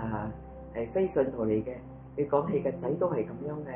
啊，係非信徒嚟嘅。你講起個仔都係咁樣嘅，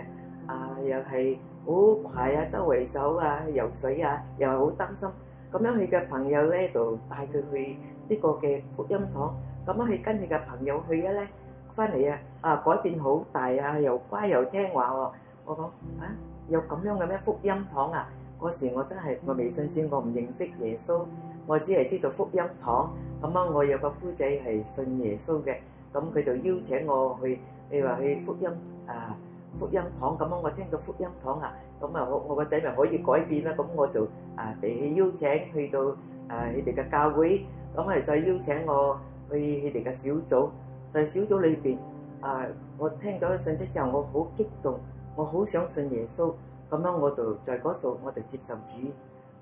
啊，又係好快啊，周圍走啊，游水啊，又係好擔心。咁樣佢嘅朋友咧就帶佢去呢個嘅福音堂。咁樣佢跟你嘅朋友去一咧，翻嚟啊，啊改變好大啊，又乖又聽話喎、啊。我講啊，有咁樣嘅咩福音堂啊？嗰時我真係我未信主，我唔認識耶穌，我只係知道福音堂。咁啊，我有個姑仔係信耶穌嘅。咁佢就邀請我去。你話去福音啊，福音堂，咁樣我聽到福音堂啊，咁啊，我我個仔咪可以改變啦！咁我就啊俾佢邀請去到誒佢哋嘅教會，咁啊再邀請我去佢哋嘅小組，在小組裏邊啊，我聽到信息之後，我好激動，我好想信耶穌。咁樣我就在嗰度，我就接受主。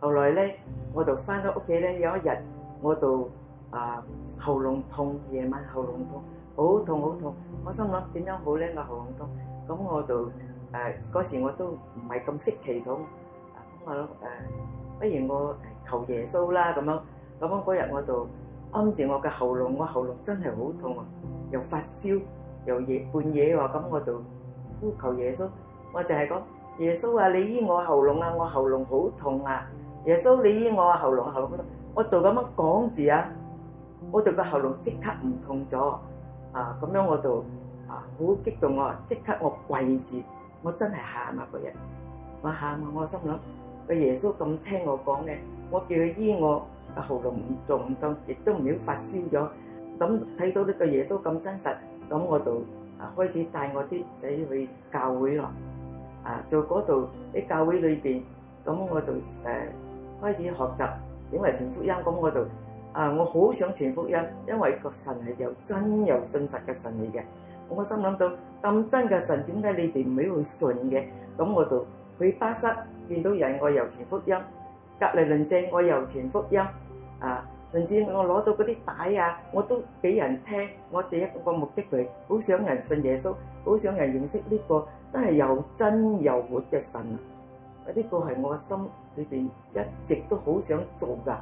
後來咧，我就翻到屋企咧，有一日我就啊喉嚨痛，夜晚喉嚨痛。好痛好痛！我心諗點樣好咧？個喉嚨痛，咁我就誒嗰時我都唔係咁識祈禱，咁我誒、呃、不如我求耶穌啦咁樣咁樣，嗰日我就按住我嘅喉嚨，我喉嚨真係好痛啊！又發燒又夜半夜喎，咁、啊、我就呼求耶穌，我就係講耶穌啊！你醫我喉嚨啊！我喉嚨好痛啊！耶穌你醫我喉嚨喉嚨痛，我就咁樣講住啊！我就個喉嚨即刻唔痛咗。啊咁樣我就啊好激動，啊！即刻我跪住，我真係喊啊嗰人。我喊啊，我心諗個耶穌咁聽我講嘅，我叫佢醫我喉嚨唔做唔到，亦都唔少發燒咗。咁睇到呢個耶穌咁真實，咁我就啊開始帶我啲仔去教會咯。啊，做在嗰度喺教會裏邊，咁我就誒、啊、開始學習點為全福音，咁我就。啊！我好想傳福音，因為個神係又真又信實嘅神嚟嘅。我心諗到咁真嘅神，點解你哋唔會去信嘅？咁我就去巴塞見到人，我又傳福音；隔離鄰舍，我又傳福音。啊！甚至我攞到嗰啲帶啊，我都俾人聽。我哋一個個目的就係好想人信耶穌，好想人認識呢個真係又真又活嘅神啊！呢個係我心裏邊一直都好想做噶。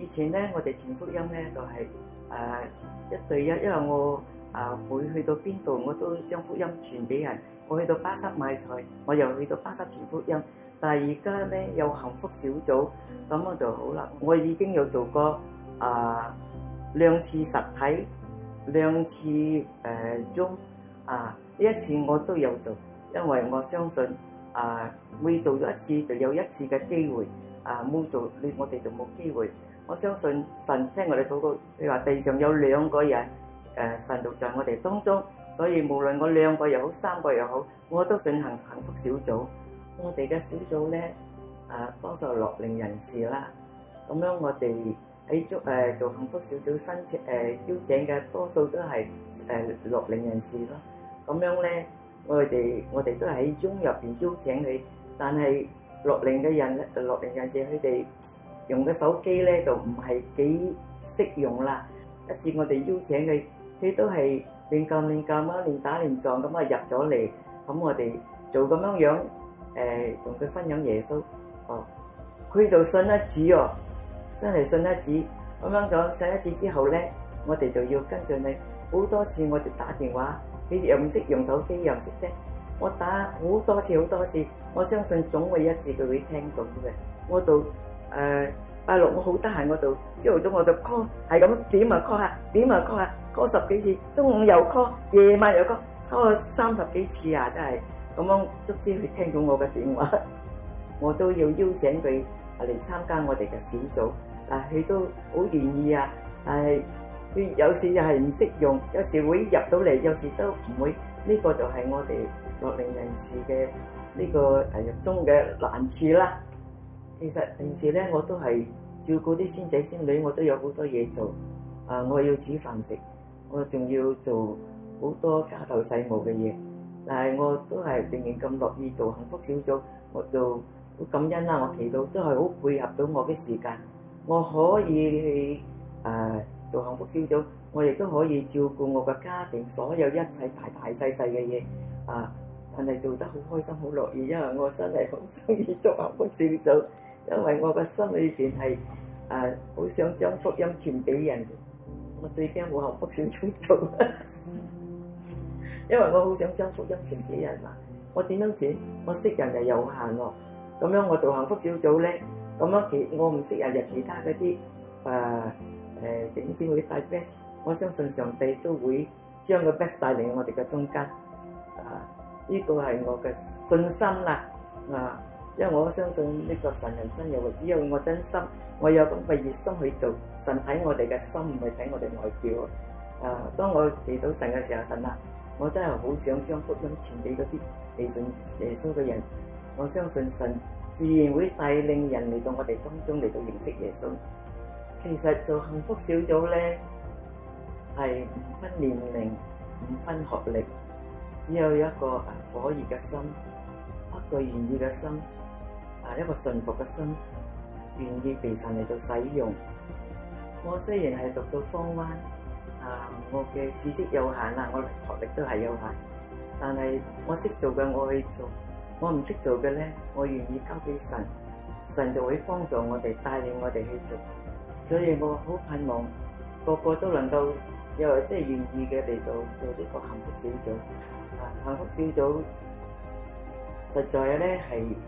以前咧，我哋傳福音咧就係誒一對一，因為我啊會、呃、去到邊度，我都將福音傳俾人。我去到巴塞買菜，我又去到巴塞傳福音。但係而家咧有幸福小組，咁我就好啦。我已經有做過啊、呃、兩次實體，兩次誒、呃、中啊呢、呃、一次我都有做，因為我相信啊、呃、每做咗一次就有一次嘅機會啊，冇做你我哋就冇機會。呃我相信神聽我哋禱告，佢話地上有兩個人，誒神就在我哋當中，所以無論我兩個又好，三個又好，我都進行幸福小組。我哋嘅小組咧，誒幫助樂齡人士啦。咁樣我哋喺中誒做幸福小組申請誒邀請嘅多數都係誒樂齡人士咯。咁樣咧，我哋我哋都喺中入邊邀請佢，但係樂齡嘅人、樂齡人士佢哋。用個手機咧，就唔係幾識用啦。一次我哋邀請佢，佢都係亂撳亂撳啊，亂打亂撞咁啊入咗嚟。咁我哋就咁樣樣誒，同、呃、佢分享耶穌哦。佢就信得主哦，真係信得主咁樣講。信一次之後咧，我哋就要跟住你好多次。我哋打電話，佢又唔識用手機，又唔識聽。我打好多次，好多次，我相信總會一次佢會聽到嘅。我度。誒、呃，八六我好得閒，我就朝頭早我就 call，係咁點啊 call 下，點啊 call 下，call 十幾次，中午又 call，夜晚又 call，call 咗三十幾次啊！真係咁樣，直至佢聽到我嘅電話，我都要邀請佢嚟參加我哋嘅小組，但係佢都好願意啊，但係佢有時又係唔識用，有時會入到嚟，有時都唔會，呢、這個就係我哋落嚟人士嘅呢、這個誒、啊、中嘅難處啦。其實平時咧，我都係照顧啲孫仔孫女，我都有好多嘢做。啊、呃，我要煮飯食，我仲要做好多家頭細務嘅嘢。但係我都係仍然咁樂意做幸福小組，我就好感恩啦。我祈禱都係好配合到我嘅時間，我可以去誒、呃、做幸福小組，我亦都可以照顧我嘅家庭，所有一切大大細細嘅嘢啊，但係做得好開心、好樂意，因為我真係好中意做幸福小組。因為我個心裏邊係誒好想將福音傳俾人，我最驚冇幸福小組做，因為我好想將福音傳俾人啊！我點樣傳？我識人又有限喎，咁樣我做幸福小組咧，咁樣其我唔識人入其他嗰啲誒誒點知會帶 best？我相信上帝都會將個 best 帶嚟我哋嘅中間，啊！呢個係我嘅信心啦，啊！因為我相信呢個神人真有嘅，只有我真心，我有咁嘅熱心去做。神睇我哋嘅心，唔係睇我哋外表。啊，當我祈禱神嘅時候，神啊，我真係好想將福音傳俾嗰啲未信耶穌嘅人。我相信神自然會帶領人嚟到我哋當中嚟到認識耶穌。其實做幸福小組咧，係唔分年齡、唔分學歷，只有一個啊火熱嘅心，一個願意嘅心。啊！一個信服嘅心，願意被神嚟到使用。我雖然係讀到方灣，啊，我嘅知識有限啦，我學歷都係有限，但係我識做嘅我去做，我唔識做嘅咧，我願意交俾神，神就會幫助我哋，帶領我哋去做。所以我好盼望個個都能夠又即係願意嘅嚟到做呢個幸福小組。啊，幸福小組實在咧係～